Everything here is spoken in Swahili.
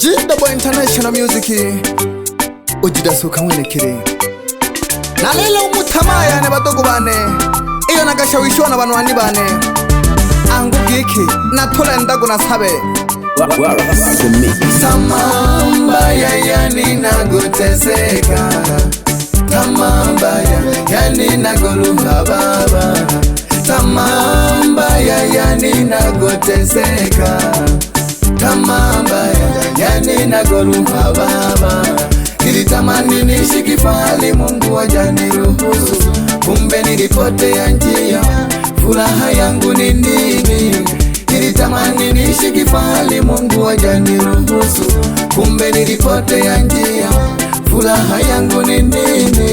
G-Double International Music ujidasuka kiri na lelo umutamaya ne badogo bane iyo nagashawishwa na banu wani bane angu bwiki natole ndago sabe Samamba ya yani nagoteseka Samamba ya yani nagolumba baba Samamba ya yani nagoteseka tamaa mbaya, jani na gorufa baba, nilitamani nishike fahali, Mungu hajaniruhusu, kumbe nilipotea njia. Furaha yangu ni nini? Nilitamani nishike fahali, Mungu hajaniruhusu, kumbe nilipotea njia. Furaha yangu ni nini?